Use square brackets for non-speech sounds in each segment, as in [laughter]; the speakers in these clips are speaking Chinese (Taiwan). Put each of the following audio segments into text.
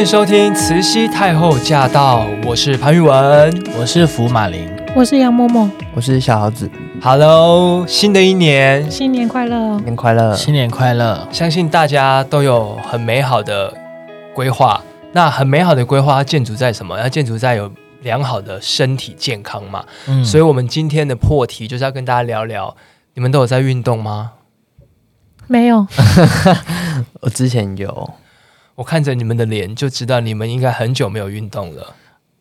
歡迎收聽《詞攜太厚駕到》，我是潘裕文，我是福馬林，我是楊嬤嬤，我是小猴子。Hello，新的一年，新年快樂，新年快樂，新年快樂！相信大家都有很美好的規劃，那很美好的規劃，建築在什麼？它建築在有良好的身體健康嘛？嗯，所以我們今天的破題就是要跟大家聊聊，你們都有在運動嗎？沒有， [laughs] 我之前有。我看着你們的臉，就知道你們應該很久沒有運動了。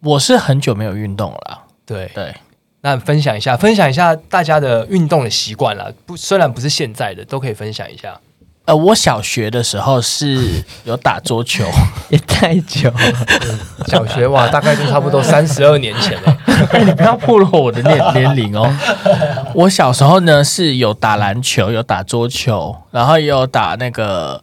我是很久沒有運動了，對對。對。那分享一下，分享一下大家的運動的習慣了。不，雖然不是現在的，都可以分享一下。呃，我小學的時候是有打桌球， [laughs] 也太久了。小學哇，大概就差不多三十二年前了。 [laughs] 你不要暴露我的年年齡哦。我小時候呢是有打籃球，有打桌球，然後也有打那個。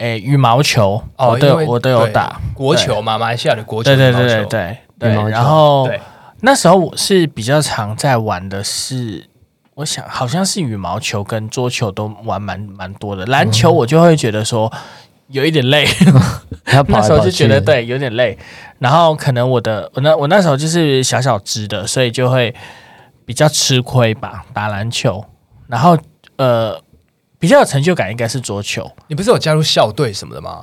哎、欸，羽毛球哦，對，我都有打對國球嘛，馬來西亞的國球，對對對對對對。然後對那時候我是比較常在玩的是，我想好像是羽毛球跟桌球都玩蠻蠻多的，籃球我就會覺得說有一點累，嗯、 [laughs] 那時候就覺得對有點累。然後可能我的我那我那時候就是小小只的，所以就會比較吃虧吧，打籃球。然後呃。比較有成就感應該是桌球。你不是有加入校隊什麼的嗎？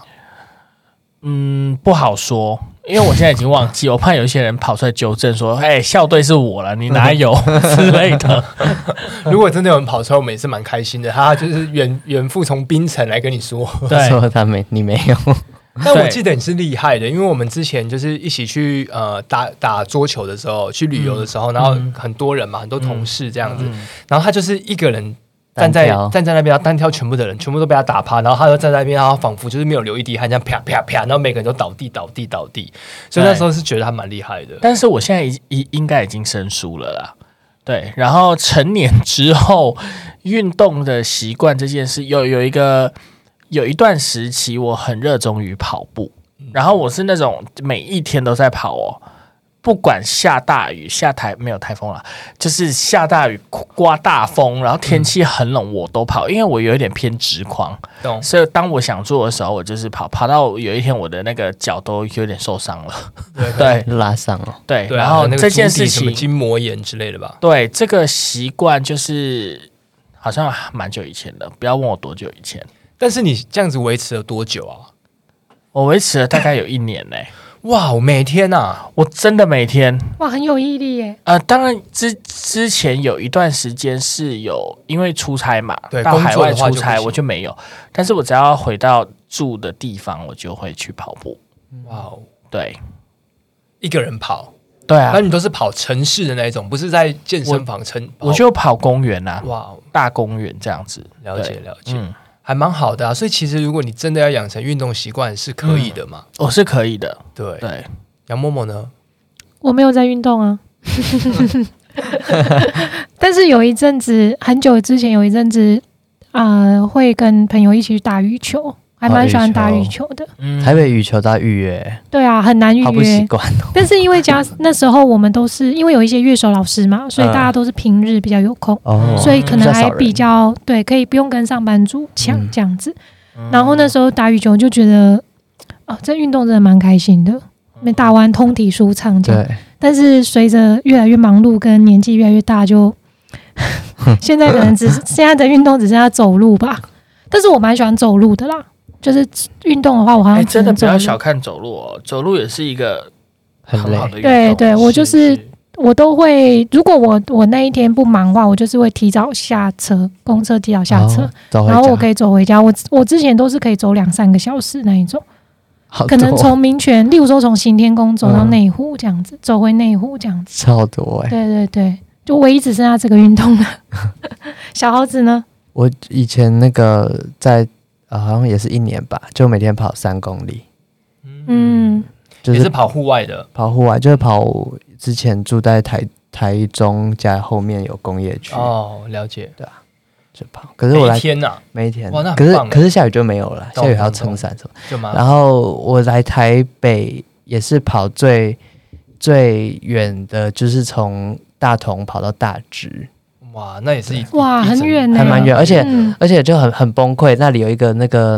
嗯，不好說，因為我現在已經忘記。 [laughs] 我怕有一些人跑出來糾正說：“哎、 [laughs] 欸，校隊是我了，你哪有之 [laughs] 類的。 [laughs] ”如果真的有人跑出來，我們也是蠻開心的。他就是遠遠赴從冰城來跟你說，對說他沒你沒有 [laughs] 但我記得你是厲害的，因為我們之前就是一起去呃打打桌球的時候，去旅遊的時候，嗯、然後很多人嘛，嗯、很多同事這樣子，嗯、然後他就是一個人，站在站在那邊，他單挑全部的人，全部都被他打趴，然後他就站在那邊，然後仿佛就是沒有流一滴汗，這樣啪啪啪，然後每個人都倒地倒地倒地，所以那時候是覺得他蠻厲害的。但是我現在已已應該已經生疏了啦。對，然後成年之後， [laughs] 運動的習慣這件事，有有一個有一段時期，我很熱衷於跑步，然後我是那種每一天都在跑哦。不管下大雨、下台沒有颱風了，就是下大雨、刮大風，然後天氣很冷，我都跑，嗯、因為我有一點偏執狂，懂所以當我想做的時候，我就是跑，跑到有一天我的那個腳都有點受傷了，對，對對拉傷了，對，對，然後這件事情、啊那個、筋膜炎之類的吧？對，這個習慣就是好像蠻久以前的，不要問我多久以前，但是你這樣子維持了多久啊？我維持了大概有一年嘞、欸。 [laughs] 哇，每天吶，我真的每天哇，很有毅力耶！呃，當然之之前有一段時間是有因為出差嘛，對，到海外出差我就沒有，但是我只要回到住的地方，我就會去跑步。哇，對，一個人跑，對啊，那你都是跑城市的那一種，不是在健身房？城我就跑公園吶，哇，大公園這樣子，了解了解。還蠻好的、啊，所以其實如果你真的要養成運動習慣，是可以的嘛、嗯？哦，是可以的，對對。對楊默默呢？我沒有在運動啊，但是有一陣子很久之前有一陣子啊、呃，會跟朋友一起去打羽球。還蠻喜歡打羽球，球的，台北羽球大家預約，嗯、對啊，很難預約。好不習慣、哦，但是因為家、嗯、那時候我們都是因為有一些樂手老師嘛，所以大家都是平日比較有空，嗯、所以可能還比較、嗯、對，可以不用跟上班族搶這樣子。嗯、然後那時候打羽球就覺得啊，這運動真的蠻開心的，打完通體舒暢。對。但是隨着越來越忙碌跟年紀越來越大就，就現在可能只是 [laughs] 現在的運動只剩下走路吧。但是我蠻喜歡走路的啦。就是運動的話，我好像、欸、真的不要小看走路，哦。走路也是一個很好的運動。累對對，我就是，是，是我都會，如果我我那一天不忙的話，我就是會提早下車，公車提早下車，哦、然後我可以走回家。我我之前都是可以走兩三個小時那一種，好多可能從民權，例如說從行天宮走到內湖這樣子，嗯、走回內湖這樣子，超多哎、欸！對對對，就唯一只剩下這個運動了。 [laughs] 小猴子呢？我以前那個在。啊，好像也是一年吧，就每天跑三公里，嗯，也是跑戶外的，跑戶外就是跑。之前住在台台中加後面有工業區，哦，了解，對啊，就跑。可是我來每一天吶、啊，每一天，欸、可是可是下雨就沒有了，東東東下雨還要撐傘什麼的。然後我來台北也是跑最最遠的，就是從大同跑到大直。哇，那也是一，對哇，很遠呢，還蠻遠，而且、嗯、而且就很很崩潰。那裡有一個那個，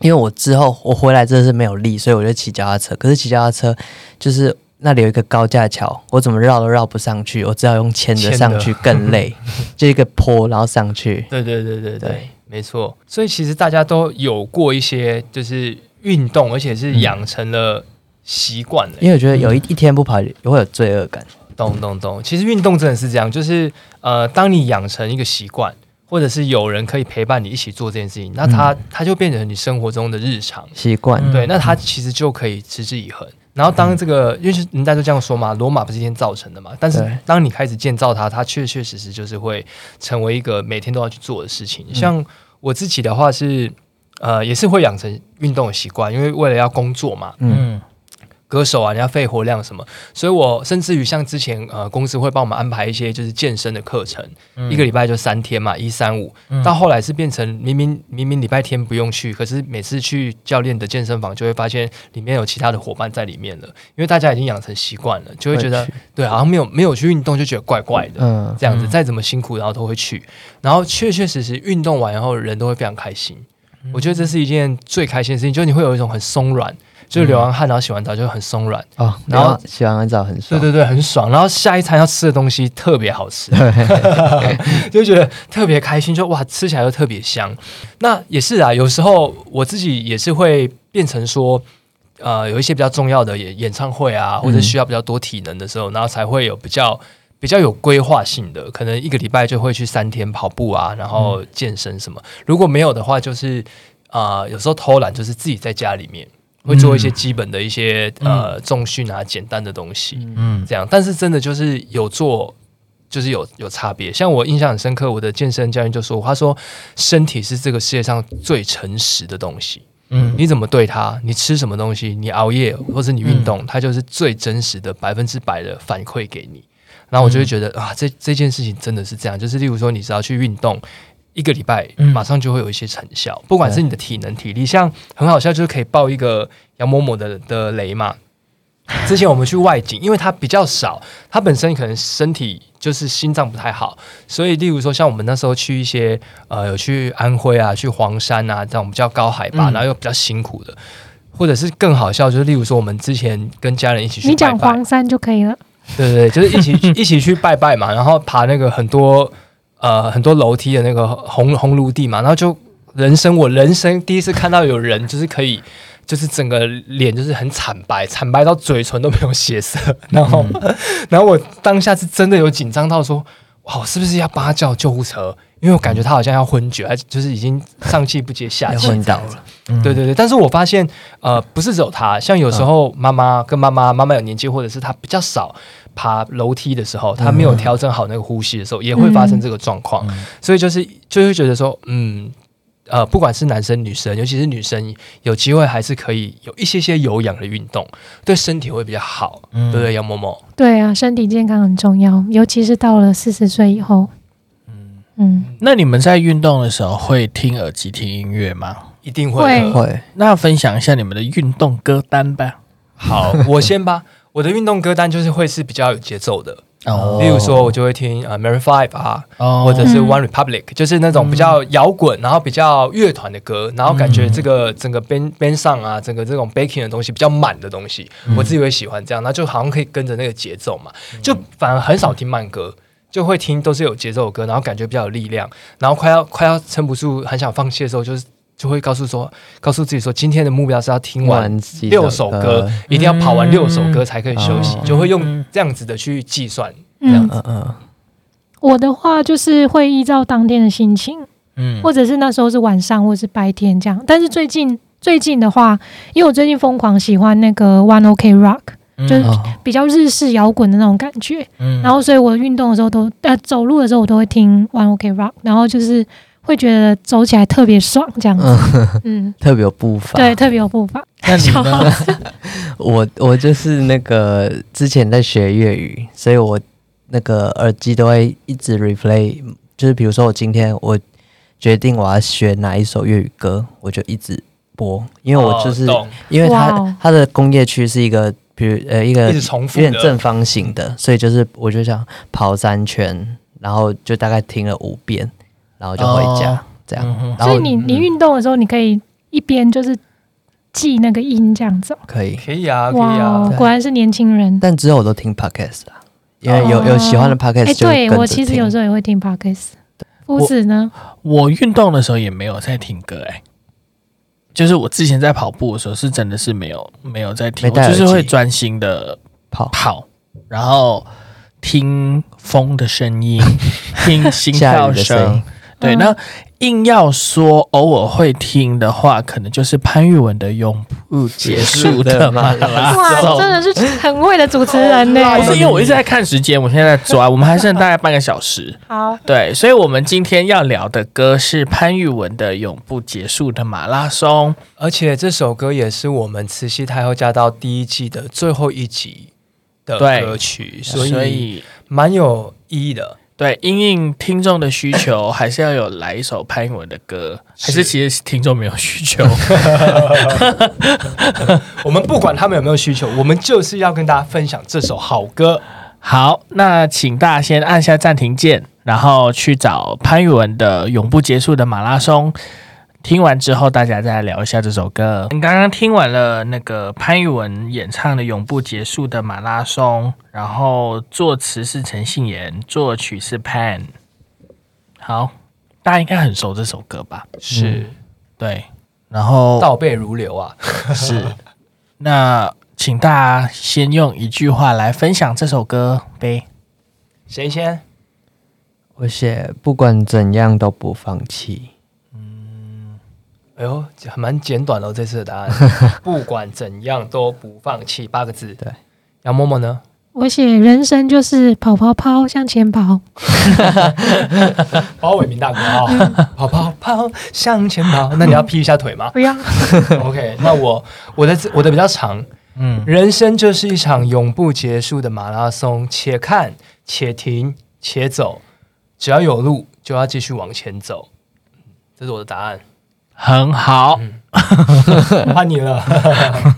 因為我之後我回來真的是沒有力，所以我就騎腳踏車。可是騎腳踏車就是那裡有一個高架橋，我怎麼繞都繞不上去，我只好用牽着上去，更累，前的 [laughs] 就一個坡然後上去。對，對對對對對，對沒錯。所以其實大家都有過一些就是運動，而且是養成了習慣的，嗯、因為我覺得有一一天不跑也會有罪惡感。懂懂懂，其實運動真的是這樣，就是呃，當你養成一個習慣，或者是有人可以陪伴你一起做這件事情，那它、嗯、它就變成你生活中的日常習慣，嗯、對，那它其實就可以持之以恆。然後當這個，嗯、因為人家都這樣說嘛，羅馬不是一天造成的嘛，但是當你開始建造它，它確確實實就是會成為一個每天都要去做的事情。嗯、像我自己的話是，呃，也是會養成運動的習慣，因為為了要工作嘛，嗯。嗯歌手啊，你要肺活量什麼？所以我甚至於像之前，呃，公司會幫我們安排一些就是健身的課程，嗯、一個禮拜就三天嘛，一三五。到後來是變成明明明明禮拜天不用去，可是每次去教練的健身房，就會發現裡面有其他的夥伴在裡面了，因為大家已經養成習慣了，就會覺得會去對，好像沒有沒有去運動就覺得怪怪的，嗯、這樣子再怎麼辛苦，然後都會去，然後確確實實運動完，然後人都會非常開心。嗯、我覺得這是一件最開心的事情，就是你會有一種很鬆軟。就流完汗，然後洗完澡，就很鬆軟啊。然後洗完澡很爽，對對對，很爽。然後下一餐要吃的東西特別好吃，就覺得特別開心。就哇，吃起來又特別香。那也是啊，有時候我自己也是會變成說，呃，有一些比較重要的演演唱會啊，或者需要比較多體能的時候，然後才會有比較比較有規劃性的，可能一個禮拜就會去三天跑步啊，然後健身什麼。如果沒有的話，就是啊、呃，有時候偷懶，就是自己在家裡面。會做一些基本的一些、嗯、呃，重訓啊，簡單的東西，嗯，這樣。但是真的就是有做，就是有有差別。像我印象很深刻，我的健身教練就說，他說身體是這個世界上最誠實的東西。嗯，你怎麼對他？你吃什麼東西？你熬夜或是你運動，他、嗯、就是最真實的百分之百的反饋給你。然後我就會覺得、嗯、啊，這這件事情真的是這樣。就是例如說，你只要去運動。一個禮拜，馬上就會有一些成效。嗯、不管是你的體能、體力，嗯、像很好笑，就是可以爆一個楊某某的的雷嘛。之前我們去外景， [laughs] 因為他比較少，他本身可能身體就是心臟不太好，所以例如說，像我們那時候去一些呃，有去安徽啊，去黃山啊，這樣我們較高海拔，嗯、然後又比較辛苦的，或者是更好笑，就是例如說，我們之前跟家人一起去拜拜，你講黃山就可以了。對對對，就是一起 [laughs] 一起去拜拜嘛，然後爬那個很多。呃，很多樓梯的那個紅紅爐地嘛，然後就人生我人生第一次看到有人就是可以，就是整個臉就是很慘白，慘白到嘴唇都沒有血色，然後、嗯、然後我當下是真的有緊張到說，哇，是不是要幫他叫救護車？因為我感覺他好像要昏厥，他就是已經上氣不接下氣， [laughs] 昏倒了。嗯、對對對，但是我發現呃，不是只有他，像有時候媽媽跟媽媽媽媽有年紀，或者是他比較少。爬樓梯的時候，他沒有調整好那個呼吸的時候，嗯、也會發生這個狀況。嗯、所以就是就會覺得說，嗯，呃，不管是男生女生，尤其是女生，有機會還是可以有一些些有氧的運動，對身體會比較好。嗯、對不對，楊某某？對啊，身體健康很重要，尤其是到了四十歲以後。嗯嗯，嗯，那你們在運動的時候會聽耳機聽音樂嗎？一定會會、呃。那分享一下你們的運動歌單吧。好，我先吧。 [laughs] 我的運動歌單就是會是比較有節奏的，oh. 例如說，我就會聽呃、uh,，Maroon 5啊，oh. 或者是 One Republic，mm. 就是那種比較搖滾，mm. 然後比較樂團的歌，然後感覺這個整個邊邊上啊，整個這種 backing 的東西比較滿的東西，mm. 我自己會喜歡這樣，然後就好像可以跟着那個節奏嘛，就反而很少聽慢歌，就會聽都是有節奏的歌，然後感覺比較有力量，然後快要快要撐不住，很想放棄的時候，就是。就會告訴說，告訴自己說，今天的目標是要聽完六首歌，歌一定要跑完六首歌才可以休息。嗯、就會用這樣子的去計算，嗯、這樣子、嗯。我的話就是會依照當天的心情，嗯，或者是那時候是晚上或者是白天這樣。但是最近最近的話，因為我最近瘋狂喜歡那個 One OK Rock，嗯、就是比較日式搖滾的那種感覺。嗯、然後所以我運動的時候都呃，走路的時候我都會聽 One OK Rock，然後就是。會覺得走起來特別爽，這樣子，嗯呵呵嗯，特別有步伐，對，特別有步伐。那你呢？ [laughs] 我我就是那個之前在學粵語，所以我那個耳機都會一直 replay，就是比如說我今天我決定我要學哪一首粵語歌，我就一直播，因為我就是、哦、因為它懂它的工業區是一個，比如呃一個有點正方形的，所以就是我就想跑三圈，然後就大概聽了五遍。然後就回家，這樣。所以你你運動的時候，你可以一邊就是記那個音這樣子。可以可以啊，哇，果然是年輕人。但之後我都聽 Podcast 啊，因為有有喜歡的 Podcast。哎，對我其實有時候也會聽 Podcast。屋子呢？我運動的時候也沒有在聽歌，哎，就是我之前在跑步的時候是真的是沒有沒有在聽，沒帶就是會專心的跑跑，然後聽風的聲音，聽心跳聲。對，那硬要說偶爾會聽的話，可能就是潘裕文的《永不結束的馬拉松。》 [laughs] 真的是很會的主持人呢、 [laughs] 哦。不是因為我一直在看時間，我現在在抓，我們還剩大概半個小時。 [laughs] 好，對，所以我們今天要聊的歌是潘裕文的《永不結束的馬拉松》，而且這首歌也是我們《詞攜太厚駕到》第一季的最後一集的歌曲，對，所以，所以蠻有意義的。對，因應聽眾的需求， [coughs] 還是要有來一首潘裕文的歌，是還是其實聽眾沒有需求？我們不管他們有沒有需求，我們就是要跟大家分享這首好歌。好，那請大家先按下暫停鍵，然後去找潘裕文的《永不結束的馬拉松》。聽完之後，大家再來聊一下這首歌。剛剛聽完了那個潘裕文演唱的《永不結束的馬拉松》，然後作詞是陳信延，作曲是 Pan。好，大家應該很熟這首歌吧？是，嗯、對。然後倒背如流啊！ [laughs] 是。那請大家先用一句話來分享這首歌唄。誰先？我寫，不管怎樣都不放棄。哎呦，還蠻簡短嘍、哦！這次的答案， [laughs] 不管怎樣都不放棄，八個字。 [laughs] 對，楊嬤嬤呢？我寫人生就是跑跑跑向前跑。 [laughs] 包偉民大哥啊、哦， [laughs] 跑跑跑向前跑。 [laughs] 那你要劈一下腿嗎？不要。OK，那我我的字我的比較長。嗯， [laughs] 人生就是一場永不結束的馬拉松，且看且停且走，只要有路就要繼續往前走。這是我的答案。很好、嗯，怕、嗯、你了。呵呵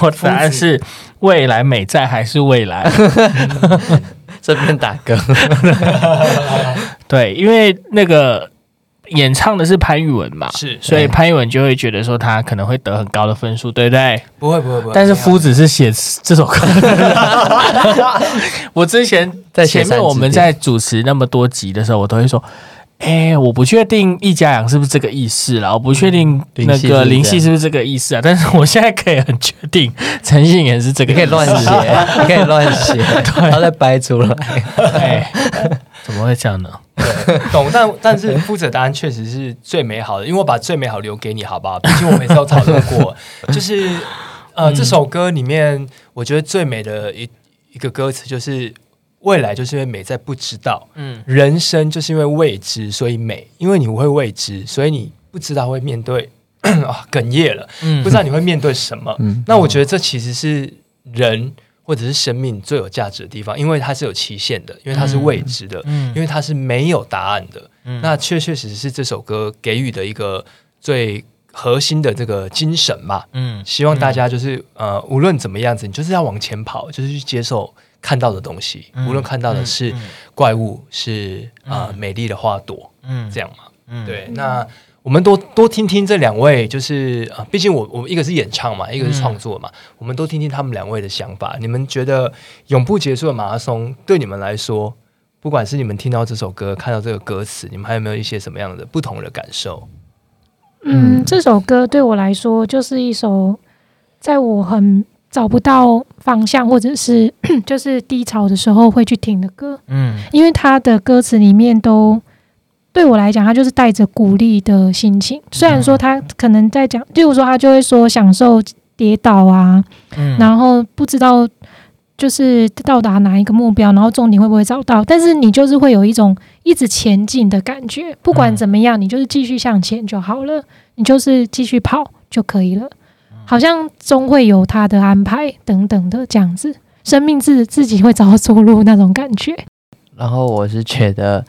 我答案是未來美在還是未來？夫子這邊打歌、嗯， [laughs] 對，因為那個演唱的是潘裕文嘛，是，所以潘裕文就會覺得說他可能會得很高的分數，對不對,對？不會,不,會不會，不會，不會。但是夫子是寫這首歌的， [laughs] 我之前在前面我們在主持那麼多集的時候，我都會說。哎，我不確定易家揚是不是這個意思啦，我不確定那個林夕是不是這個意思啊。但是我現在可以很確定，陳信也是這個，可以亂寫，可以亂寫，然後再掰出來。怎麼會這樣呢？對，懂，但但是負責答案確實是最美好的，因為我把最美好留給你，好不好？畢竟我每次都討論過，就是呃，這首歌裡面我覺得最美的一一個歌詞就是。未來就是因為美在不知道，嗯，人生就是因為未知，所以美，因為你不會未知，所以你不知道會面對呵呵哽咽了，嗯，不知道你會面對什麼。嗯，那我覺得這其實是人或者是生命最有價值的地方，嗯，因為它是有期限的，因為它是未知的，嗯，因為它是沒有答案的。嗯，那確確實實是這首歌給予的一個最核心的這個精神嘛，嗯，希望大家就是，嗯，呃，無論怎麼樣子，你就是要往前跑，就是去接受。看到的東西，無論看到的是怪物，嗯嗯嗯、是啊、呃、美麗的花朵，嗯，這樣嘛，嗯，嗯對。那我們多多聽聽這兩位，就是啊，畢竟我我們一個是演唱嘛，一個是創作嘛，嗯、我們都聽聽他們兩位的想法。你們覺得《永不結束的馬拉松》對你們來說，不管是你們聽到這首歌，看到這個歌詞，你們還有沒有一些什麼樣的不同的感受？嗯，這首歌對我來說就是一首，在我很。找不到方向，或者是 [coughs] 就是低潮的時候會去聽的歌，嗯，因為他的歌詞裡面都對我來講，他就是帶着鼓勵的心情。雖然說他可能在講，比如說他就會說享受跌倒啊，然後不知道就是到達哪一個目標，然後重點會不會找到，但是你就是會有一種一直前進的感覺。不管怎麼樣，你就是繼續向前就好了，你就是繼續跑就可以了。好像終會有他的安排，等等的這樣子，生命自自己會找到出路那種感覺。然後我是覺得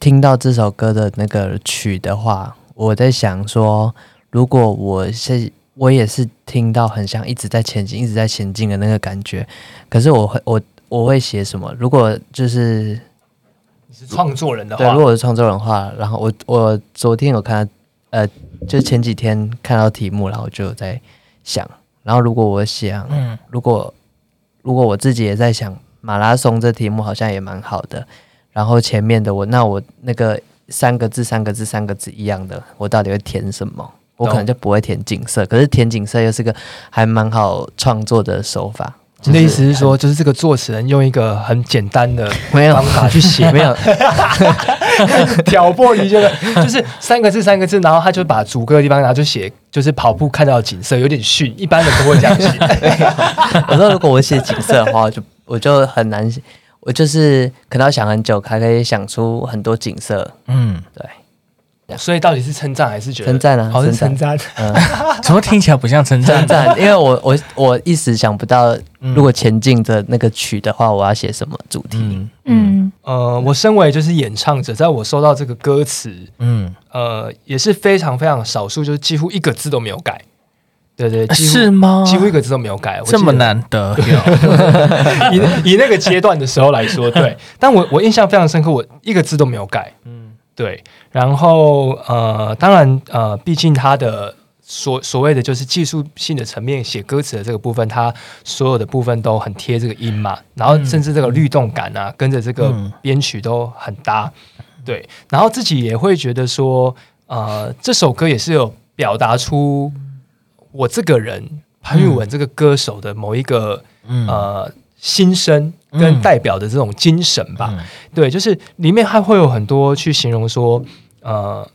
聽到這首歌的那個曲的話，我在想說，如果我是我也是聽到很像一直在前進、一直在前進的那個感覺。可是我會我我會寫什麼？如果就是你是創作人的話，對，如果是創作人的話，然後我我昨天有看，呃，就前幾天看到題目，然後就在。想，然後如果我想，如果如果我自己也在想馬拉松這題目，好像也蠻好的。然後前面的我，那我那個三個字、三個字、三個字一樣的，我到底會填什麼？懂我可能就不會填景色，可是填景色又是個還蠻好創作的手法。就是、那意思是說，就是這個作詞人用一個很簡單的方法 [laughs] 他去寫，沒有 [laughs] [laughs] 挑撥離間，就是三個字，三個字，然後他就把主歌的地方，拿去寫，就是跑步看到的景色，有點遜，一般人不會講遜 [laughs] [laughs] 我說，如果我寫景色的話，我就我就很難，我就是可能要想很久，才可以想出很多景色。嗯，對。所以到底是稱讚還是覺得稱讚呢？還是稱讚？怎麼聽起來不像稱讚？稱讚，因為我我我一時想不到，如果前進的那個曲的話，我要寫什麼主題？嗯呃，我身為就是演唱者，在我收到這個歌詞，嗯呃，也是非常非常少數，就是幾乎一個字都沒有改。對對，是嗎？幾乎一個字都沒有改，這麼難得。以以那個階段的時候來說，對，但我我印象非常深刻，我一個字都沒有改。嗯。對，然後呃，當然呃，畢竟他的所所謂的就是技術性的層面，寫歌詞的這個部分，他所有的部分都很貼這個音嘛，嗯、然後甚至這個律動感啊，跟着這個編曲都很搭，嗯、對，然後自己也會覺得說，呃，這首歌也是有表達出我這個人潘裕文這個歌手的某一個、嗯、呃。心聲跟代表的這種精神吧，嗯，嗯，對，就是裡面還會有很多去形容說，呃，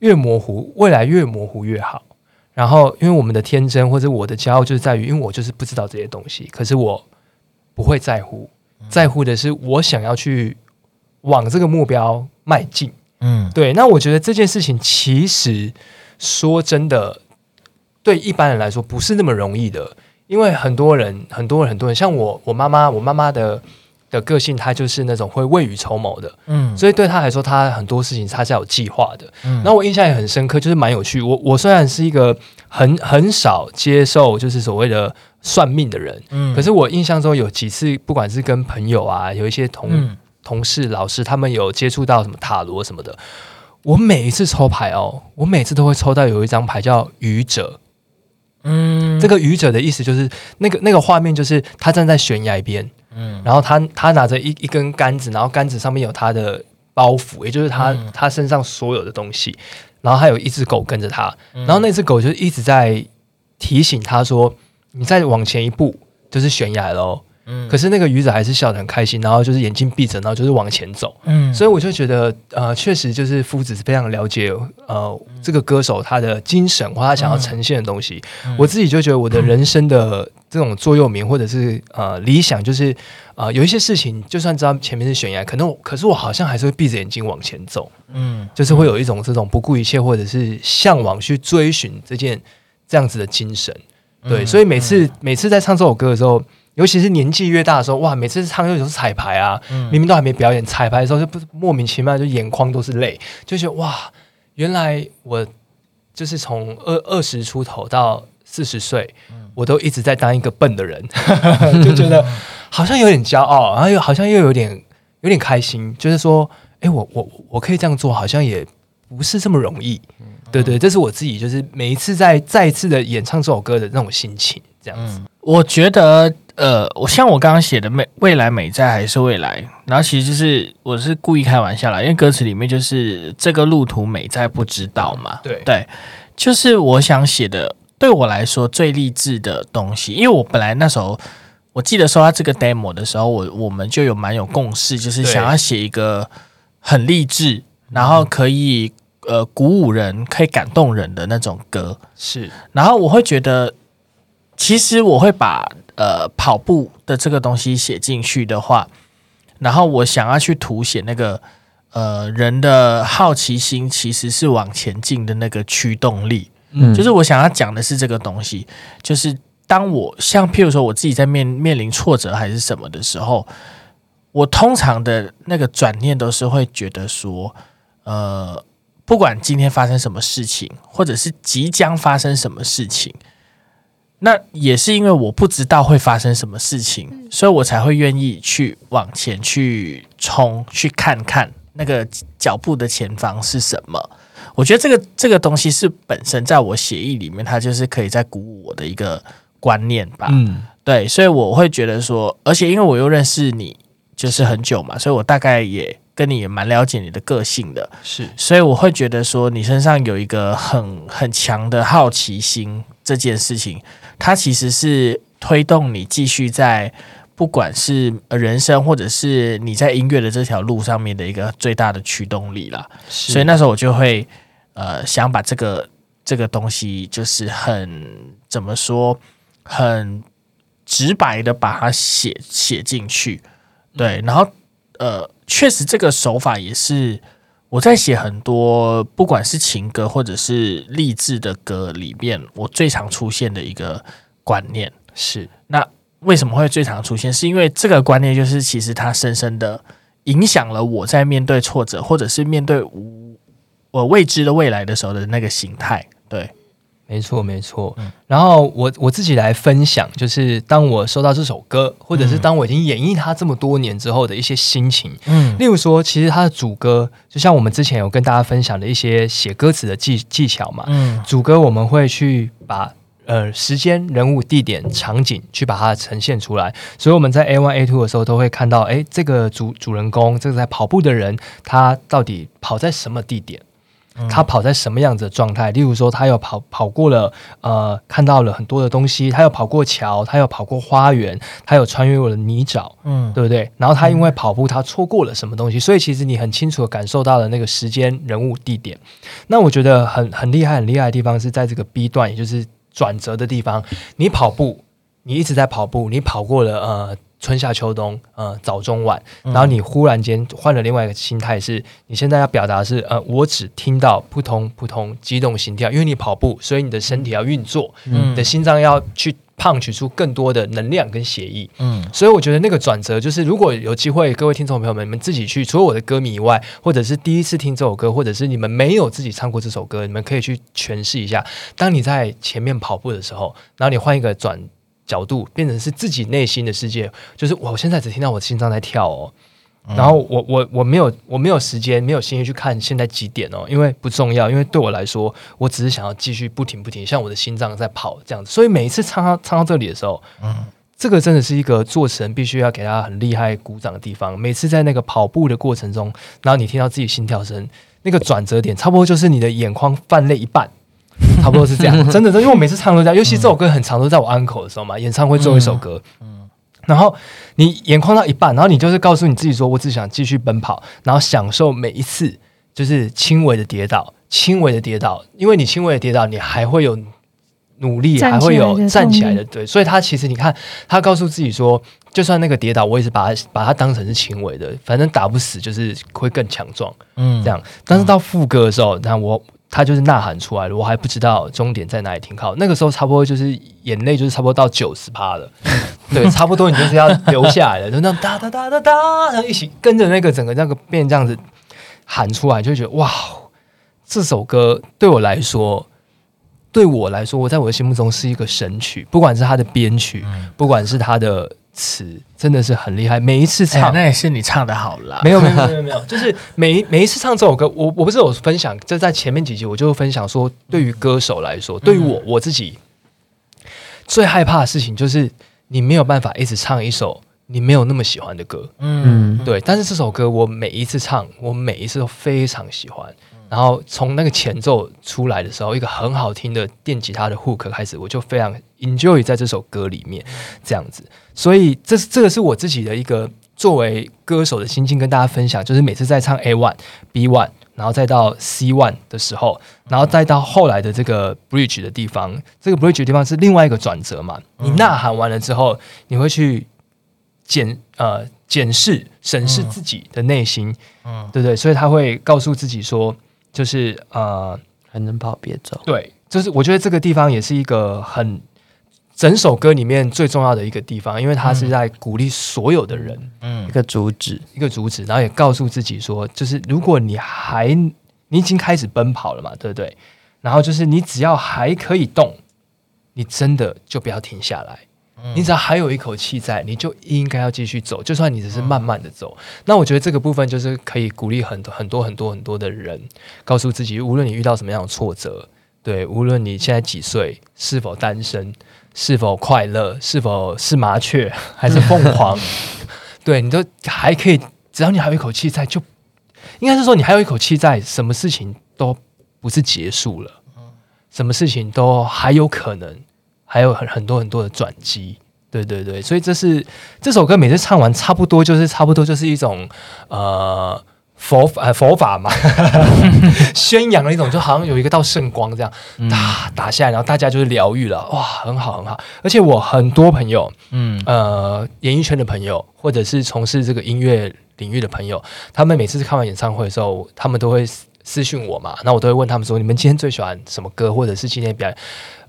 越模糊，未來越模糊越好。然後，因為我們的天真或者我的驕傲，就是在於，因為我就是不知道這些東西，可是我不會在乎，在乎的是我想要去往這個目標邁進。嗯，對。那我覺得這件事情其實說真的，對一般人來說不是那麼容易的。因為很多人、很多人、很多人，像我，我媽媽，我媽媽的的個性，她就是那種會未雨綢繆的，嗯，所以對她來說，她很多事情她是有計劃的。嗯，那我印象也很深刻，就是蠻有趣。我我雖然是一個很很少接受就是所謂的算命的人，嗯，可是我印象中有幾次，不管是跟朋友啊，有一些同、嗯、同事、老師，他們有接觸到什麼塔羅什麼的，我每一次抽牌哦，我每次都會抽到有一張牌叫愚者。嗯，這個愚者的意思就是，那個那個畫面就是他站在懸崖邊，嗯，然後他他拿着一一根桿子，然後桿子上面有他的包袱，也就是他、嗯、他身上所有的東西，然後還有一隻狗跟着他，然後那隻狗就一直在提醒他說：“嗯、你再往前一步就是懸崖嘍。”可是那個魚仔還是笑得很開心，然後就是眼睛閉着，然後就是往前走。嗯，所以我就覺得，呃，確實就是夫子是非常了解，呃，嗯、這個歌手他的精神或他想要呈現的東西。嗯嗯、我自己就覺得，我的人生的這種座右銘或者是呃理想，就是啊、呃，有一些事情，就算知道前面是懸崖，可能，可是我好像還是會閉着眼睛往前走。嗯，就是會有一種這種不顧一切或者是向往去追尋這件這樣子的精神。對，嗯、所以每次、嗯、每次在唱這首歌的時候。尤其是年紀越大的時候，哇，每次唱歌都是彩排啊，嗯、明明都還沒表演，彩排的時候就不莫名其妙就眼眶都是淚，就覺得哇，原來我就是從二二十出頭到四十歲，我都一直在當一個笨的人，嗯、 [laughs] 就覺得好像有點驕傲，然後又好像又有點有點開心，就是說，哎、欸，我我我可以這樣做好像也不是這麼容易，嗯、對，對對，這是我自己就是每一次在再次的演唱這首歌的那種心情，這樣子，嗯、我覺得。呃，我像我剛剛寫的未未來美在還是未來，然後其實就是我是故意開玩笑啦，因為歌詞裡面就是這個路途美在不知道嘛，對對，就是我想寫的對我來說最勵志的東西，因為我本來那時候我記得收到這個 demo 的時候，我我們就有蠻有共識，就是想要寫一個很勵志，對然後可以呃鼓舞人、可以感動人的那種歌是，然後我會覺得其實我會把。呃，跑步的這個東西寫進去的話，然後我想要去凸顯那個呃人的好奇心，其實是往前進的那個驅動力。嗯，就是我想要講的是這個東西，就是當我像譬如說我自己在面面臨挫折還是什麼的時候，我通常的那個轉念都是會覺得說，呃，不管今天發生什麼事情，或者是即將發生什麼事情。那也是因為我不知道會發生什麼事情，嗯、所以我才會願意去往前去衝，去看看那個腳步的前方是什麼。我覺得這個這個東西是本身在我協議裡面，它就是可以在鼓舞我的一個觀念吧。嗯，對，所以我會覺得說，而且因為我又認識你就是很久嘛，所以我大概也跟你也蠻了解你的個性的。是，所以我會覺得說，你身上有一個很很強的好奇心。這件事情，它其實是推動你繼續在不管是人生，或者是你在音樂的這條路上面的一個最大的驅動力了。是所以那時候我就會，呃，想把這個這個東西，就是很怎麼說，很直白的把它寫寫進去。對，嗯、然後呃，確實這個手法也是。我在寫很多，不管是情歌或者是勵志的歌裡面，我最常出現的一個觀念是，那為什麼會最常出現？是因為這個觀念就是，其實它深深的影響了我在面對挫折，或者是面對我未知的未來的時候的那個心態，對。沒錯，沒錯。然後我我自己來分享，就是當我收到這首歌，或者是當我已經演繹它這麼多年之後的一些心情。嗯，例如說，其實它的主歌，就像我們之前有跟大家分享的一些寫歌詞的技技巧嘛。嗯，主歌我們會去把呃時間、人物、地點、場景去把它呈現出來。所以我們在 A one、A two 的時候都會看到，誒，這個主主人公，這個在跑步的人，他到底跑在什麼地點？他跑在什麼樣子的狀態？例如說，他有跑跑過了，呃，看到了很多的東西，他有跑過橋，他有跑過花園，他有穿越過了泥沼，嗯，對不對？然後他因為跑步，他錯過了什麼東西？所以其實你很清楚地感受到了那個時間、人物、地點。那我覺得很很厲害、很厲害的地方是在這個 B 段，也就是轉折的地方，你跑步。你一直在跑步，你跑過了呃春夏秋冬、呃早中晚，然後你忽然間換了另外一個心態是，是、嗯、你現在要表達的是呃我只聽到撲通撲通激動心跳，因為你跑步，所以你的身體要運作，你、嗯、的心臟要去胖取出更多的能量跟血液，嗯，所以我覺得那個轉折就是，如果有機會，各位聽眾朋友們，你們自己去，除了我的歌迷以外，或者是第一次聽這首歌，或者是你們沒有自己唱過這首歌，你們可以去詮釋一下，當你在前面跑步的時候，然後你換一個轉。角度變成是自己內心的世界，就是我現在只聽到我的心臟在跳哦、喔，然後我我我沒有我沒有時間沒有心情去看現在幾點哦、喔，因為不重要，因為對我來說，我只是想要繼續不停不停，像我的心臟在跑這樣子。所以每一次唱到唱到這裡的時候，嗯，這個真的是一個作詞人必須要給他很厲害鼓掌的地方。每次在那個跑步的過程中，然後你聽到自己心跳聲，那個轉折點差不多就是你的眼眶泛淚一半。 [laughs] 差不多是這樣真，真的，因為我每次唱都這樣，尤其這首歌很長，都在我安可的時候嘛。演唱會最後一首歌，嗯，嗯然後你眼眶到一半，然後你就是告訴你自己說：“我只想繼續奔跑，然後享受每一次就是輕微的跌倒，輕微的跌倒，因為你輕微的跌倒，你還會有努力，還會有站起來的，對。”所以他其實你看，他告訴自己說：“就算那個跌倒，我也是把把它當成是輕微的，反正打不死就是會更強壯。”嗯，這樣。但是到副歌的時候，嗯、那我。他就是吶喊出來了，我還不知道終點在哪裡停靠。那個時候差不多就是眼淚，就是差不多到九十趴了。 [laughs] 對，差不多你就是要流下來了。就那樣 [laughs] 噠噠噠噠噠噠，然後一起跟着那個整個那個變這樣子喊出來，就覺得哇，這首歌對我來說，對我來說，我在我的心目中是一個神曲，不管是他的編曲，不管是他的。詞真的是很厲害，每一次唱，欸、那也是你唱的好啦。沒有沒有沒有沒有， [laughs] 就是每一每一次唱這首歌，我我不是有分享，就在前面幾集我就分享說，對於歌手來說，嗯、對於我我自己，最害怕的事情就是你沒有辦法一直唱一首你沒有那麼喜歡的歌。嗯，對。但是這首歌我每一次唱，我每一次都非常喜歡。然後從那個前奏出來的時候，一個很好聽的電吉他的 hook 開始，我就非常。Enjoy 在這首歌裡面這樣子，所以這是這個是我自己的一個作為歌手的心情，跟大家分享。就是每次在唱 A one、B one，然後再到 C one 的時候，然後再到後來的這個 Bridge 的地方，嗯、這個 Bridge 的地方是另外一個轉折嘛？嗯、你吶喊完了之後，你會去檢呃檢視、審視自己的內心嗯，嗯，對對對？所以他會告訴自己說，就是呃還能跑別走。對，就是我覺得這個地方也是一個很。整首歌裡面最重要的一個地方，因為它是在鼓勵所有的人，嗯、一個主旨，一個主旨，然後也告訴自己說，就是如果你還你已經開始奔跑了嘛，對不對？然後就是你只要還可以動，你真的就不要停下來。嗯、你只要還有一口氣在，你就應該要繼續走，就算你只是慢慢的走。嗯、那我覺得這個部分就是可以鼓勵很多很多很多很多的人，告訴自己，無論你遇到什麼樣的挫折，對，無論你現在幾歲，是否單身。是否快樂？是否是麻雀還是鳳凰？ [laughs] 對，你都還可以，只要你還有一口氣在，就應該是說你還有一口氣在，什麼事情都不是結束了，什麼事情都還有可能，還有很很多很多的轉機。對對對，所以這是這首歌每次唱完，差不多就是差不多就是一種呃。佛呃佛法嘛， [laughs] [laughs] 宣揚了一種就好像有一個道聖光這樣打，啊，打下來，然後大家就是療癒了，哇，很好很好。而且我很多朋友，嗯呃，演藝圈的朋友，或者是從事這個音樂領域的朋友，他們每次看完演唱會的時候，他們都會私信我嘛。那我都會問他們說，你們今天最喜歡什麼歌，或者是今天表演，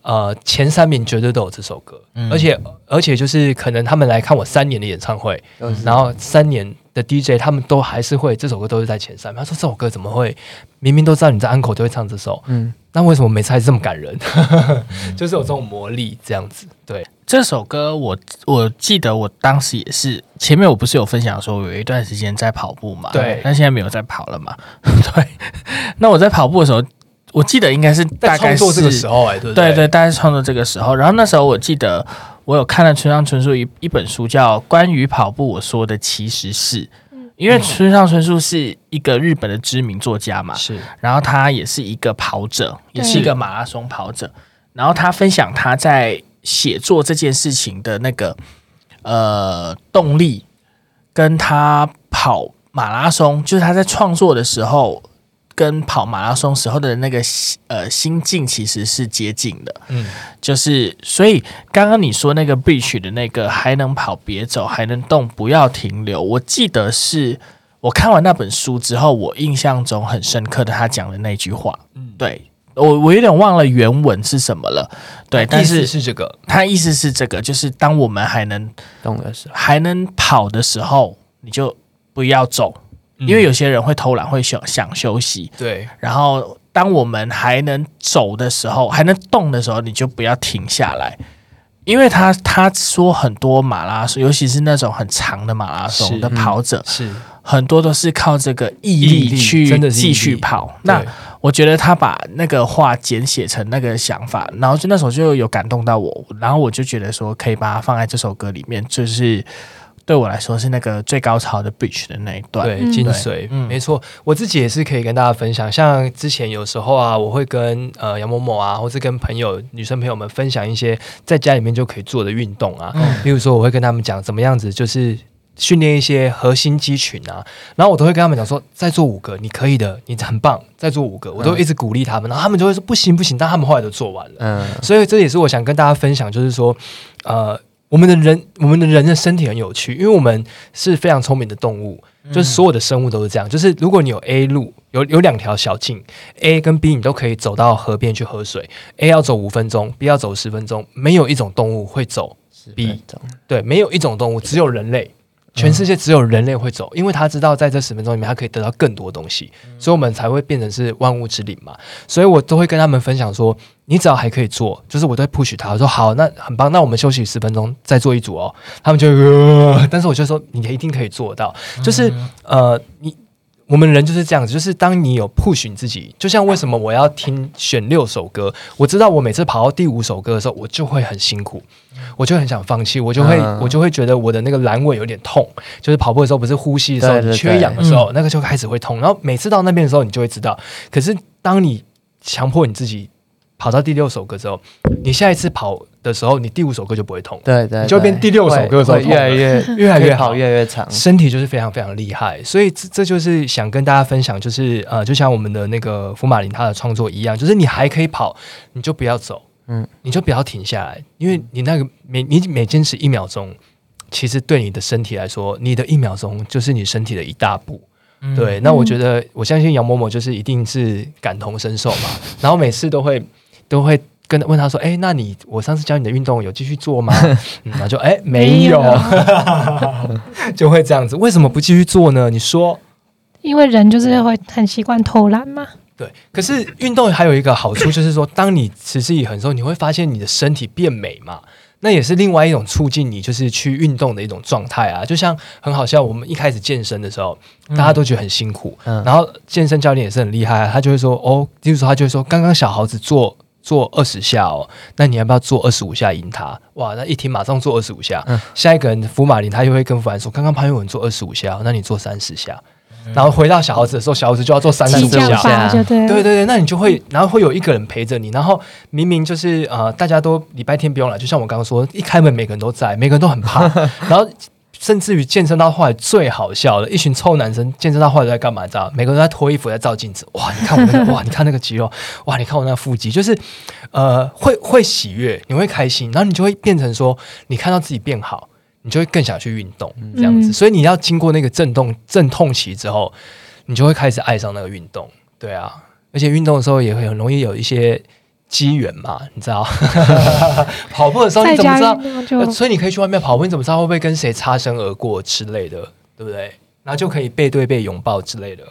呃，前三名絕對都有這首歌。而且而且就是可能他們來看我三年的演唱會，然後三年。的 DJ 他們都還是會這首歌都是在前三，他說這首歌怎麼會明明都知道你在安可都會唱這首，嗯，那為什麼每次還是這麼感人？ [laughs] 就是有這種魔力這樣子。對，這首歌我我記得我當時也是前面我不是有分享說有一段時間在跑步嘛，對，但現在沒有在跑了嘛， [laughs] 對。 [laughs] 那我在跑步的時候，我記得應該是大概是創作這個時候哎、欸，對對，對對，大概是創作這個時候。然後那時候我記得。我有看了村上春樹一一本書，叫《關於跑步》，我說的其實是因為村上春樹是一個日本的知名作家嘛，是，然後他也是一個跑者，也是一個馬拉松跑者，然後他分享他在寫作這件事情的那個呃動力，跟他跑馬拉松，就是他在創作的時候。跟跑馬拉松時候的那個呃心境其實是接近的，嗯，就是所以剛剛你說那個 beach 的那個還能跑別走，還能動不要停留，我記得是我看完那本書之後我印象中很深刻的他講的那句話，嗯，對，我我有點忘了原文是什麼了，對，但是，但是是這個，他意思是這個，就是當我們還能動的時候還能跑的時候，你就不要走。因為有些人會偷懶，會想想休息。嗯、對。然後，當我們還能走的時候，還能動的時候，你就不要停下來。因為他他說很多馬拉松，尤其是那種很長的馬拉松的跑者，是、嗯、是，很多都是靠這個毅力去繼續跑。那我覺得他把那個話簡寫成那個想法，然後就那時候就有感動到我，然後我就覺得說可以把它放在這首歌裡面，就是。對我來說是那個最高潮的 beach 的那一段，對，精髓，對沒錯。我自己也是可以跟大家分享，像之前有時候啊，我會跟呃楊某某啊，或是跟朋友、女生朋友們分享一些在家裡面就可以做的運動啊。嗯，比如說，我會跟他們講怎麼樣子，就是訓練一些核心肌群啊。然後我都會跟他們講說，再做五個，你可以的，你很棒，再做五個，我都一直鼓勵他們。然後他們就會說不行不行，但他們後來都做完了。嗯，所以這也是我想跟大家分享，就是說，呃。我們的人，我們的人的身體很有趣，因為我們是非常聰明的動物，嗯、就是所有的生物都是這樣。就是如果你有 A 路，有有兩條小徑，A 跟 B，你都可以走到河邊去喝水。A 要走五分鐘，B 要走十分鐘。沒有一種動物會走 B，對，沒有一種動物，只有人類，對全世界只有人類會走，嗯、因為他知道在這十分鐘裡面，他可以得到更多東西，所以我們才會變成是萬物之靈嘛。所以我都會跟他們分享說。你只要還可以做，就是我在 push 他，我說好，那很棒，那我們休息十分鐘，再做一組哦。他們就、呃，但是我就說，你一定可以做到。嗯、哼就是呃，你我們人就是這樣子，就是當你有 push 你自己，就像為什麼我要聽選六首歌，我知道我每次跑到第五首歌的時候，我就會很辛苦，我就很想放棄，我就會、嗯、我就會覺得我的那個闌尾有點痛，就是跑步的時候不是呼吸的時候，對對對，缺氧的時候，嗯、那個就開始會痛。然後每次到那邊的時候，你就會知道。可是當你強迫你自己。跑到第六首歌之後，你下一次跑的時候，你第五首歌就不會痛，對，對對，就會變第六首歌的時候越來越越來越好，越來越長，身體就是非常非常厲害，所以這這就是想跟大家分享，就是呃，就像我們的那個福馬林他的創作一樣，就是你還可以跑，你就不要走，嗯，你就不要停下來，因為你那個每你每堅持一秒鐘，其實對你的身體來說，你的一秒鐘就是你身體的一大步，嗯、對，那我覺得、嗯、我相信楊某某就是一定是感同身受嘛，然後每次都會。都會跟問他說：“哎，那你我上次教你的運動有繼續做嗎？” [laughs] 嗯、然後就哎沒有，沒有 [laughs] [laughs] 就會這樣子。為什麼不繼續做呢？你說，因為人就是會很習慣偷懶嘛。對，可是運動還有一個好處 [laughs] 就是說，當你持之以恆的時候，你會發現你的身體變美嘛。那也是另外一種促進你就是去運動的一種狀態啊。就像很好笑，我們一開始健身的時候，大家都覺得很辛苦，嗯嗯、然後健身教練也是很厲害、啊，他就會說：“哦，就是他就會說剛剛小猴子做。”做二十下哦，那你要不要做二十五下贏他？哇，那一聽馬上做二十五下。嗯、下一個人福馬林，他就會跟福安說：“剛剛潘裕文做二十五下，那你做三十下。嗯”然後回到小猴子的時候，小猴子就要做三十下。對，對對對，那你就會，然後會有一個人陪着你。然後明明就是呃，大家都禮拜天不用來，就像我剛剛說，一開門每個人都在，每個人都很怕。 [laughs] 然後。甚至於健身到後來最好笑的，一群臭男生健身到後來都在幹嘛？知道？每個人在脫衣服在照鏡子。哇，你看我那個哇，你看那個肌肉，哇，你看我那腹肌，就是，呃，會會喜悅，你會開心，然後你就會變成說，你看到自己變好，你就會更想去運動這樣子。嗯、所以你要經過那個陣痛陣痛期之後，你就會開始愛上那個運動。對啊，而且運動的時候也會很容易有一些。機緣嘛，你知道？ [laughs] 跑步的時候你怎麼知道？所以你可以去外面跑步，你怎麼知道會不會跟誰擦身而過之類的，對不對？然後就可以背對背擁抱之類的。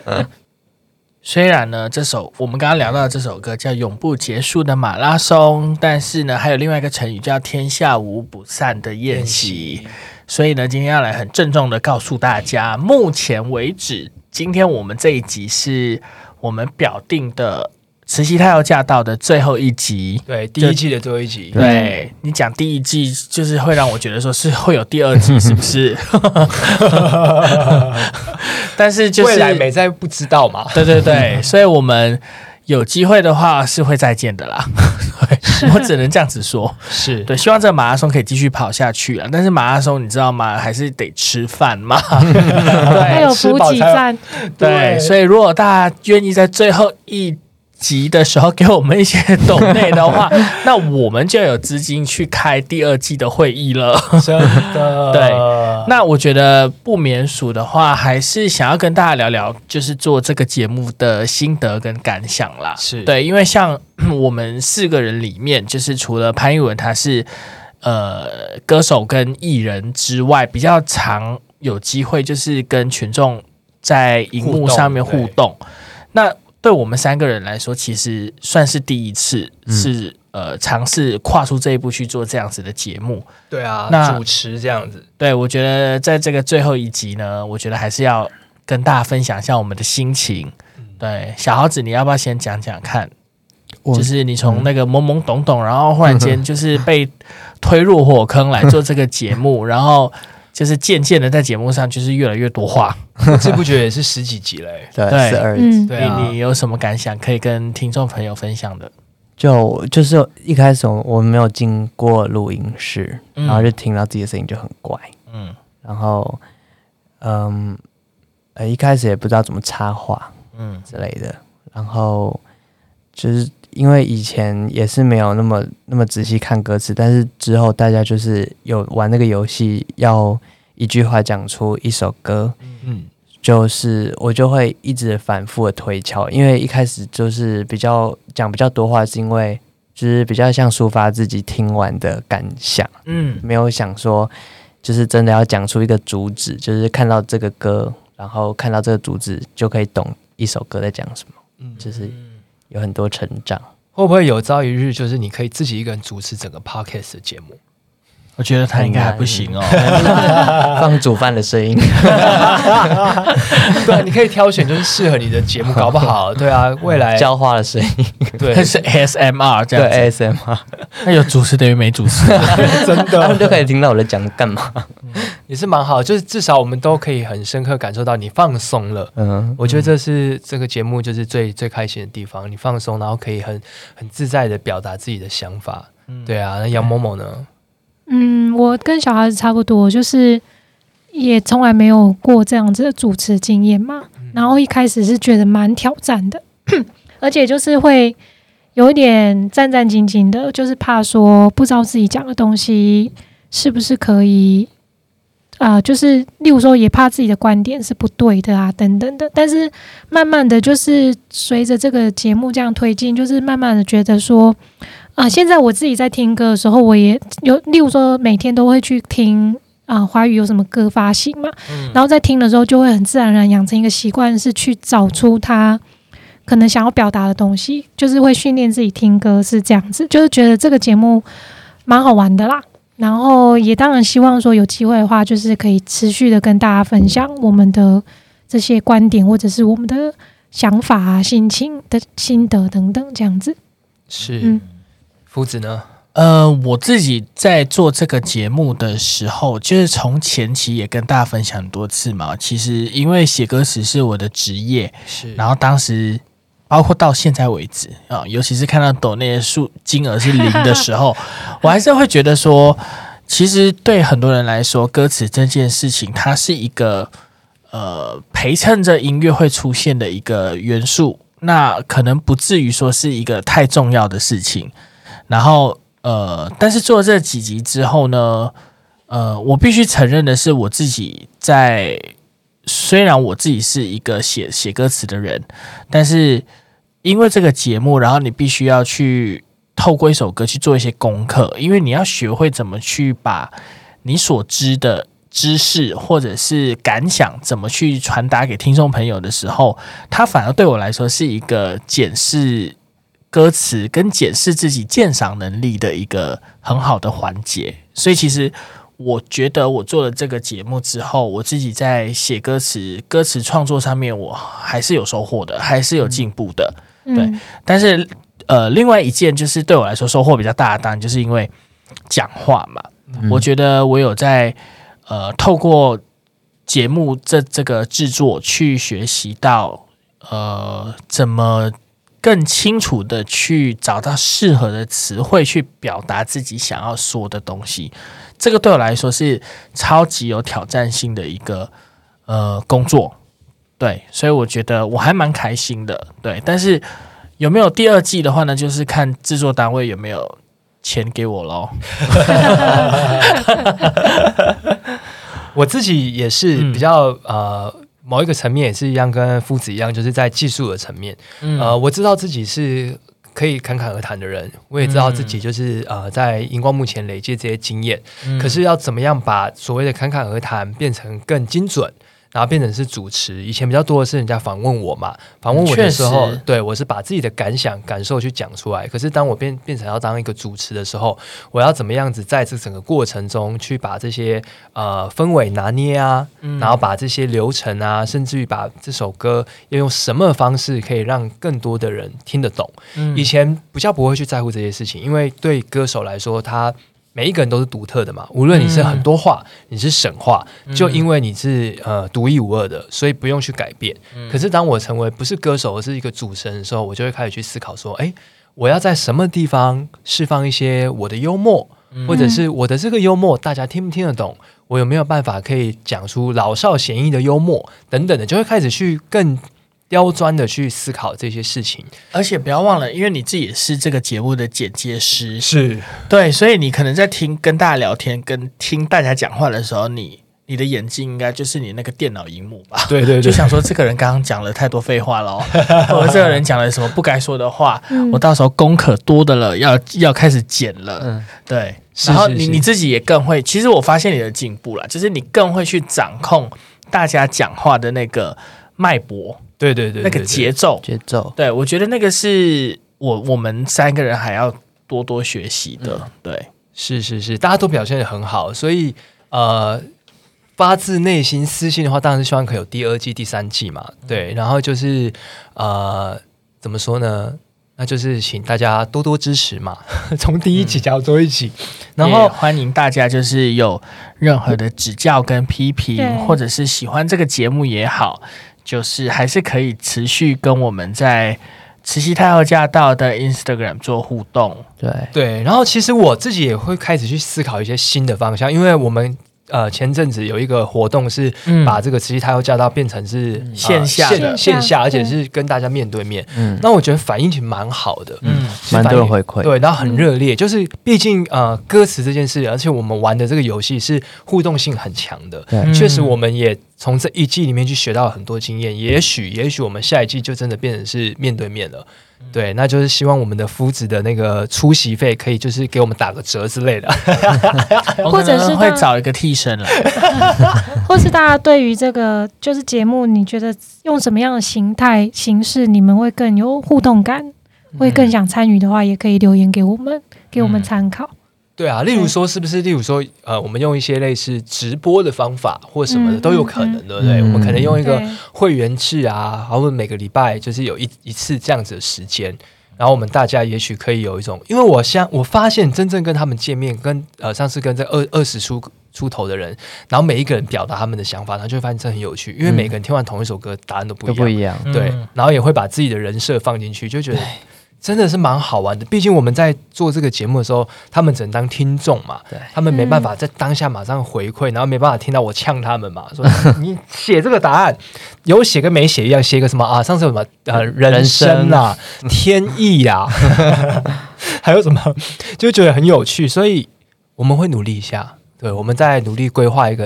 [laughs] [laughs] 雖然呢，這首我們剛剛聊到的這首歌叫《永不結束的馬拉松》，但是呢，還有另外一個成語叫“天下無不散的宴席”。嗯，嗯。所以呢，今天要來很鄭重的告訴大家，目前為止，今天我們這一集是。我們表定的詞攜太厚駕到的最後一集，對第一季的最後一集，對你講第一季，就是會讓我覺得說是會有第二季，是不是？ [laughs] [laughs] 但是就是未來沒在不知道嘛，對對對，所以我們。有機會的話是會再見的啦 [laughs] 對，我只能這樣子說， [laughs] 是對。希望這個馬拉松可以繼續跑下去啊。但是馬拉松你知道嗎？還是得吃飯嘛，對， [laughs] [laughs] 還有補給站，對，所以如果大家願意在最後一。急的時候給我們一些抖內的話， [laughs] 那我們就有資金去開第二季的會議了。真的， [laughs] 對。那我覺得不免俗的話，還是想要跟大家聊聊，就是做這個節目的心得跟感想啦。是對，因為像我們四個人裡面，就是除了潘裕文他是呃歌手跟藝人之外，比較常有機會就是跟群眾在熒幕上面互動。互動那對我們三個人來說，其實算是第一次是，是、嗯、呃嘗試跨出這一步去做這樣子的節目。對啊，那主持這樣子，對，我覺得在這個最後一集呢，我覺得還是要跟大家分享一下我們的心情。嗯、對，小豪子，你要不要先講講看？我就是你從那個懵懵懂懂，我然後忽然間就是被推入火坑來做這個節目， [laughs] 然後。就是漸漸的在節目上，就是越來越多話，不知 [laughs] 不覺得也是十幾集了，欸。 [laughs] 對，十二集。對，你有什麼感想可以跟聽眾朋友分享的？就就是一開始我我沒有進過錄音室，嗯、然後就聽到自己的聲音就很怪。嗯，然後嗯呃一開始也不知道怎麼插話，嗯之類的。嗯、然後就是。因為以前也是沒有那麼那麼仔細看歌詞，但是之後大家就是有玩那個遊戲，要一句話講出一首歌，嗯，就是我就會一直反覆的推敲，因為一開始就是比較講比較多話，是因為就是比較像抒發自己聽完的感想，嗯，沒有想說就是真的要講出一個主旨，就是看到這個歌，然後看到這個主旨就可以懂一首歌在講什麼，嗯，就是。有很多成長，會不會有朝一日，就是你可以自己一個人主持整個 podcast 的節目？我覺得他應該還不行哦，放煮飯的聲音。對，你可以挑選就是適合你的節目，搞不好對啊，未來澆花的聲音，對，是 SMR 這樣子，ASMR。那有主持等於沒主持，真的，他們就可以聽到我在講幹嘛，也是蠻好，就是至少我們都可以很深刻感受到你放鬆了。嗯，我覺得這是這個節目就是最最開心的地方，你放鬆，然後可以很很自在的表達自己的想法。對啊，那楊某某呢？嗯，我跟小孩子差不多，就是也從來沒有過這樣子的主持經驗嘛。然後一開始是覺得蠻挑戰的，而且就是會有一點戰戰兢兢的，就是怕說不知道自己講的東西是不是可以啊、呃，就是例如說也怕自己的觀點是不對的啊等等的。但是慢慢的就是隨着這個節目這樣推進，就是慢慢的覺得說。啊、呃，現在我自己在聽歌的時候，我也有例如說，每天都會去聽啊、呃，華語有什麼歌發行嘛，嗯、然後在聽的時候，就會很自然而然養成一個習慣，是去找出他可能想要表達的東西，就是會訓練自己聽歌是這樣子，就是覺得這個節目蠻好玩的啦。然後也當然希望說有機會的話，就是可以持續的跟大家分享我們的這些觀點，或者是我們的想法、心情的心得等等這樣子。是，嗯。夫子呢？呃，我自己在做這個節目的時候，就是從前期也跟大家分享很多次嘛。其實因為寫歌詞是我的職業，是。然後當時，包括到現在為止啊、呃，尤其是看到抖那些數金額是零的時候， [laughs] 我還是會覺得說，其實對很多人來說，歌詞這件事情，它是一個呃陪襯着音樂會出現的一個元素，那可能不至於說是一個太重要的事情。然後，呃，但是做這幾集之後呢，呃，我必須承認的是，我自己在，雖然我自己是一個寫，寫歌詞的人，但是因為這個節目，然後你必須要去透過一首歌去做一些功課，因為你要學會怎麼去把你所知的知識或者是感想怎麼去傳達給聽眾朋友的時候，它反而對我來說是一個檢視。歌詞跟檢視自己鑑賞能力的一個很好的環節，所以其實我覺得我做了這個節目之後，我自己在寫歌詞、歌詞創作上面，我還是有收穫的，還是有進步的。嗯、對，但是呃，另外一件就是對我來說收穫比較大的，當然就是因為講話嘛。我覺得我有在呃透過節目這這個製作去學習到呃怎麼。更清楚的去找到適合的詞彙去表達自己想要說的東西，這個對我來說是超級有挑戰性的一個呃工作，對，所以我覺得我還蠻開心的，對。但是有沒有第二季的話呢？就是看製作單位有沒有錢給我咯。 [laughs] [laughs] [laughs] 我自己也是比較、嗯、呃。某一個層面也是一樣，跟夫子一樣，就是在技術的層面。嗯、呃，我知道自己是可以侃侃而談的人，我也知道自己就是、嗯、呃，在熒光幕前累積這些經驗。嗯、可是要怎麼樣把所謂的侃侃而談變成更精準？然後變成是主持，以前比較多的是人家訪問我嘛，訪問我的時候，確實。對我是把自己的感想、感受去講出來。可是當我變變成要當一個主持的時候，我要怎麼樣子在這整個過程中去把這些呃氛圍拿捏啊，嗯、然後把這些流程啊，甚至於把這首歌要用什麼方式可以讓更多的人聽得懂？嗯、以前比較不會去在乎這些事情，因為對歌手來說他。每一個人都是獨特的嘛，無論你是很多話，嗯、你是省話，就因為你是呃獨一無二的，所以不用去改變。嗯、可是當我成為不是歌手而是一個主持人的時候，我就會開始去思考說，哎、欸，我要在什麼地方釋放一些我的幽默，或者是我的這個幽默大家聽不聽得懂？我有沒有辦法可以講出老少咸宜的幽默等等的？就會開始去更。刁鑽的去思考這些事情，而且不要忘了，因為你自己也是這個節目的剪接師，是對，所以你可能在聽跟大家聊天，跟聽大家講話的時候，你你的眼睛應該就是你那個電腦熒幕吧？對，對對，就想說這個人剛剛講了太多廢話了，我 [laughs] 這個人講了什麼不該說的話，我到時候功課多的了，要要開始剪了。嗯，對，然後你你自己也更會，其實我發現你的進步了，就是你更會去掌控大家講話的那個脈搏。對對對，對對對，那個節奏節奏，對我覺得那個是我我們三個人還要多多學習的。嗯、對，是是是，大家都表現得很好，所以呃，發自內心私信的話，當然是希望可以有第二季、第三季嘛。對，然後就是呃，怎麼說呢？那就是請大家多多支持嘛， [laughs] 從第一集交到一起，嗯、 [laughs] 然後歡迎大家就是有任何的指教跟批評，嗯、或者是喜歡這個節目也好。就是還是可以持續跟我們在詞攜太厚駕到的 Instagram 做互動，對對，然後其實我自己也會開始去思考一些新的方向，因為我們。呃，前陣子有一個活動是把這個詞攜太厚駕到變成是線下的線下，下而且是跟大家面對面。那、嗯、我覺得反應挺蠻好的，蠻、嗯、多人回饋，對，然後很熱烈。嗯、就是畢竟呃，歌詞這件事，而且我們玩的這個遊戲是互動性很強的。確對實，我們也從這一季裡面去學到很多經驗、嗯。也許，也許我們下一季就真的變成是面對面了。對，那就是希望我們的夫子的那個出席費可以就是給我們打個折之類的，或者是會找一個替身來， [laughs] 或是大家對於這個就是節目，你覺得用什麼樣的形態形式，你們會更有互動感，會更想參與的話，也可以留言給我們，給我們參考。對啊，例如說是不是？嗯、例如說，呃，我們用一些類似直播的方法或什麼的都有可能、嗯、對不對？嗯、我們可能用一個會員制啊，然後我們對每個禮拜就是有一一次這樣子的時間，然後我們大家也許可以有一種，因為我像我發現真正跟他們見面，跟呃上次跟這二二十出出頭的人，然後每一個人表達他們的想法，然後就會發現這很有趣，因為每個人聽完同一首歌、嗯、答案都不一樣，一樣對，然後也會把自己的人設放進去，就覺得。真的是蠻好玩的，畢竟我們在做這個節目的時候，他們只能當聽眾嘛，對他們沒辦法在當下馬上回饋，嗯、然後沒辦法聽到我嗆他們嘛。說你寫這個答案， [laughs] 有寫跟沒寫一樣，要寫，寫個什麼啊？上次有什麼呃，人生啊，人生。天意啊 [laughs] 還有什麼，就覺得很有趣，所以我們會努力一下。對，我們在努力規劃一個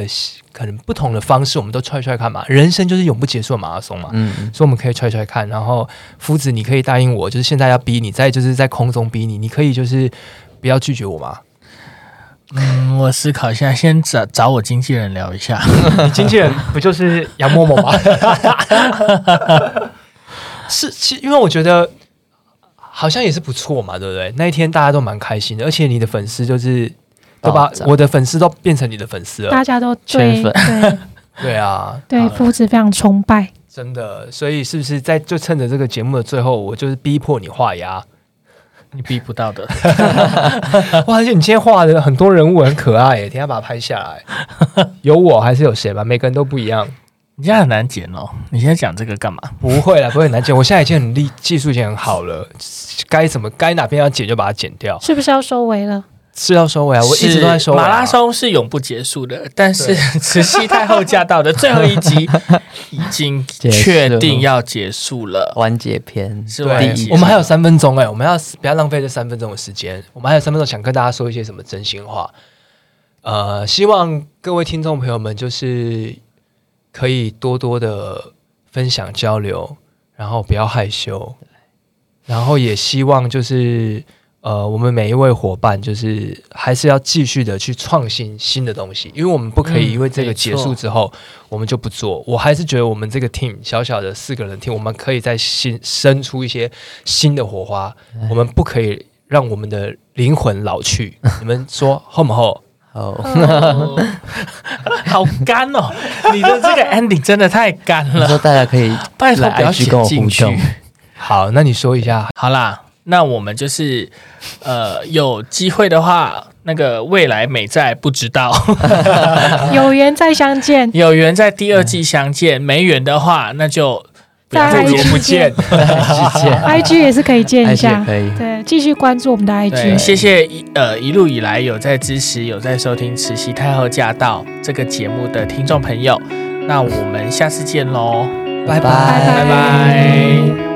可能不同的方式，我們都踹踹看嘛。人生就是永不結束的馬拉松嘛，嗯，所以我們可以踹踹看。然後夫子，你可以答應我，就是現在要逼你，在就是在空中逼你，你可以就是不要拒絕我嗎？嗯，我思考一下，先找找我經紀人聊一下。 [laughs] 經紀人不就是楊默默嗎？ [laughs] [laughs] [laughs] 是，其實因為我覺得好像也是不錯嘛，對不對？那一天大家都蠻開心的，而且你的粉絲就是。都把折我的粉絲都變成你的粉絲了，大家都圈粉，對， [laughs] 對啊，對夫了子非常崇拜，真的。所以是不是在就趁着這個節目的最後，我就是逼迫你畫押， [laughs] 你逼不到的。 [laughs] [laughs] 哇，而且你今天畫的很多人物很可愛，等一下把它拍下來。 [laughs] 有我還是有誰吧？每個人都不一樣， [laughs] 你現在很難剪哦、喔。你現在講這個幹嘛？不會啦，不會很難剪。 [laughs] 我現在已經很厲技術已經很好了，該什麼該哪邊要剪就把它剪掉，是不是要收尾了？是要收尾啊！我一直都在說、啊、馬拉松是永不結束的，但是詞攜對太厚駕到的最後一集已經確定要結束了，完結篇是吧？我們還有三分鐘哎、欸，我們要不要浪費這三分鐘的時間？我們還有三分鐘，想跟大家說一些什麼真心話？呃，希望各位聽眾朋友們就是可以多多的分享交流，然後不要害羞，然後也希望就是。呃，我們每一位夥伴就是還是要繼續的去創新新的東西，因為我們不可以因為這個結束之後我們就不做。嗯、我還是覺得我們這個 team 小小的四個人 team，我們可以再新生出一些新的火花。嗯、我們不可以讓我們的靈魂老去。哎、你們說厚不厚？好，好乾哦！你的這個 ending 真的太乾了。說大家可以來一去跟我互動。 [laughs] 好，那你說一下。好啦。那我們就是，呃，有機會的話，那個未來美在不知道， [laughs] 有緣再相見，有緣在第二季相見，嗯、沒緣的話那就不再不見，I G [laughs] 也是可以見一下，可以對，繼續關注我們的 I G，對對謝謝一呃一路以來有在支持、有在收聽《慈禧太后駕到》這個節目的聽眾朋友，嗯、那我們下次見嘍，拜拜拜拜。Bye bye bye bye